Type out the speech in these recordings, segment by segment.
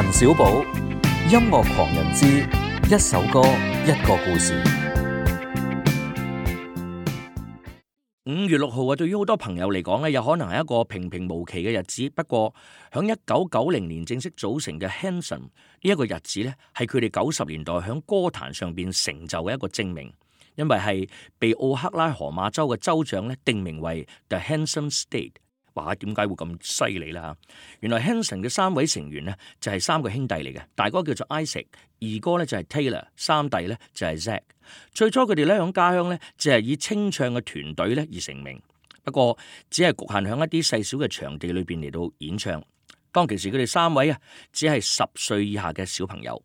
陳少寶，音樂狂人之一首歌一個故事。五月六號啊，對於好多朋友嚟講咧，有可能係一個平平無奇嘅日子。不過響一九九零年正式組成嘅 Hanson 呢一個日子呢係佢哋九十年代響歌壇上邊成就嘅一個證明，因為係被奧克拉荷馬州嘅州長咧定名為 The Hanson State。話點解會咁犀利啦？原來 Hanson 嘅三位成員呢，就係三個兄弟嚟嘅，大哥叫做 Isaac，二哥呢就係 Taylor，三弟呢就係 Zack。最初佢哋呢喺家鄉呢，就係以清唱嘅團隊呢而成名，不過只係局限喺一啲細小嘅場地裏邊嚟到演唱。當其時佢哋三位啊，只係十歲以下嘅小朋友。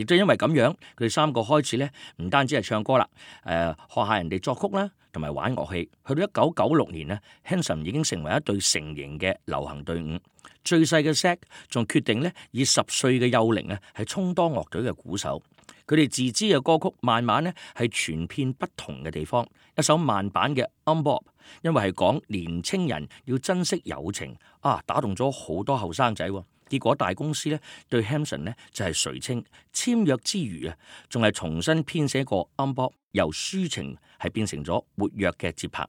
亦都因為咁樣，佢哋三個開始咧，唔單止係唱歌啦，誒、呃、學下人哋作曲啦，同埋玩樂器。去到一九九六年呢 h a n s o n 已經成為一隊成型嘅流行隊伍。最細嘅 Sack 仲決定呢，以十歲嘅幼齡咧，係充當樂隊嘅鼓手。佢哋自知嘅歌曲慢慢呢，係全片不同嘅地方。一首慢版嘅 u n b o k e 因為係講年青人要珍惜友情啊，打動咗好多後生仔喎。結果大公司咧對 Hanson 咧就係垂青簽約之餘啊，仲係重新編寫過 album 由抒情係變成咗活躍嘅節拍。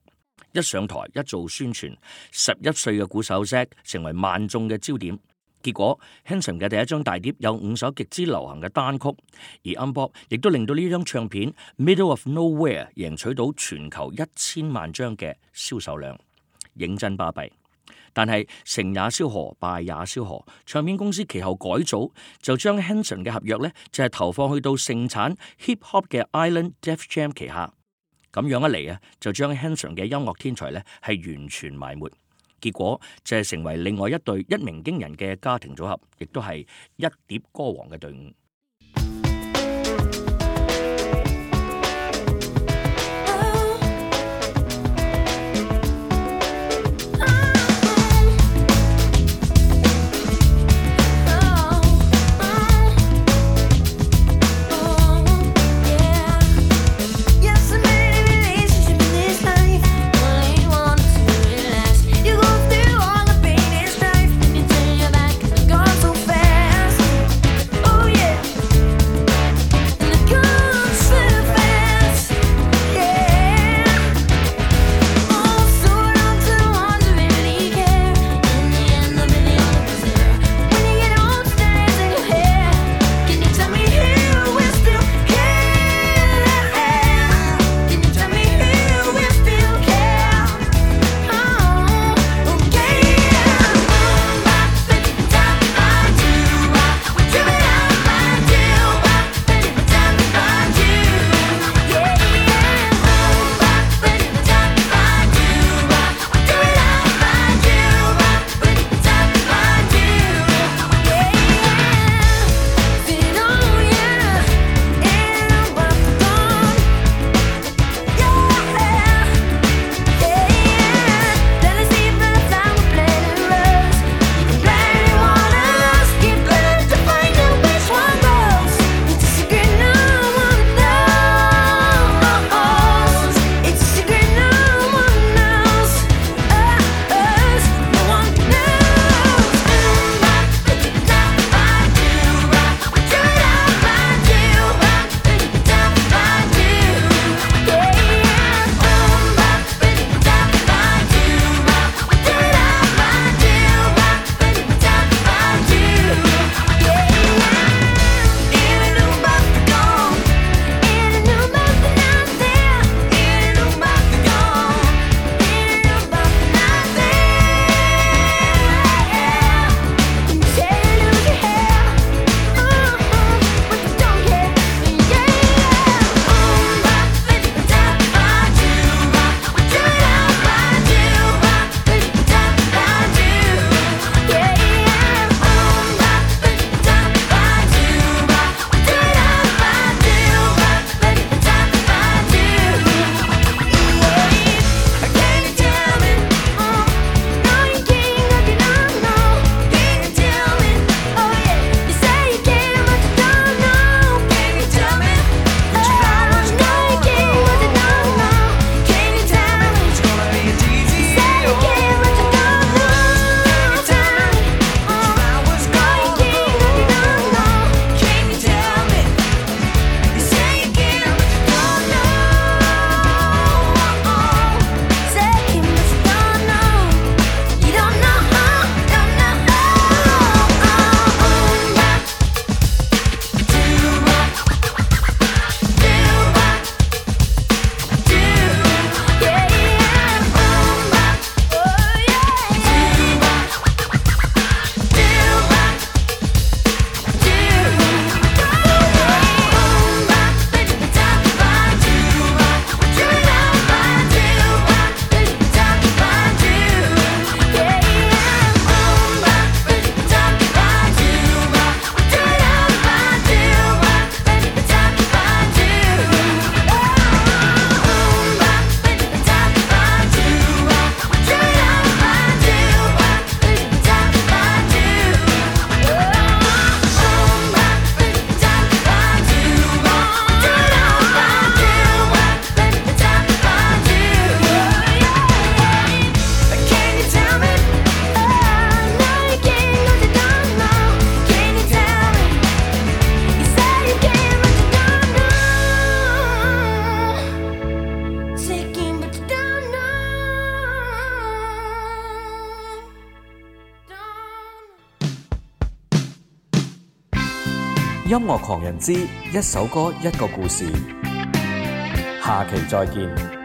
一上台一做宣傳，十一歲嘅鼓手 Zach 成為萬眾嘅焦點。結果 Hanson 嘅第一張大碟有五首極之流行嘅單曲，而 album 亦都令到呢張唱片《Middle of Nowhere》贏取到全球一千萬張嘅銷售量，認真巴閉。但係成也蕭何敗也蕭何，唱片公司其後改組就將 Hanson 嘅合約咧就係、是、投放去到盛產 hip hop 嘅 Island Def Jam 旗下，咁樣一嚟啊就將 Hanson 嘅音樂天才咧係完全埋沒，結果就係成為另外一對一鳴驚人嘅家庭組合，亦都係一碟歌王嘅隊伍。音樂狂人之一首歌，一個故事，下期再見。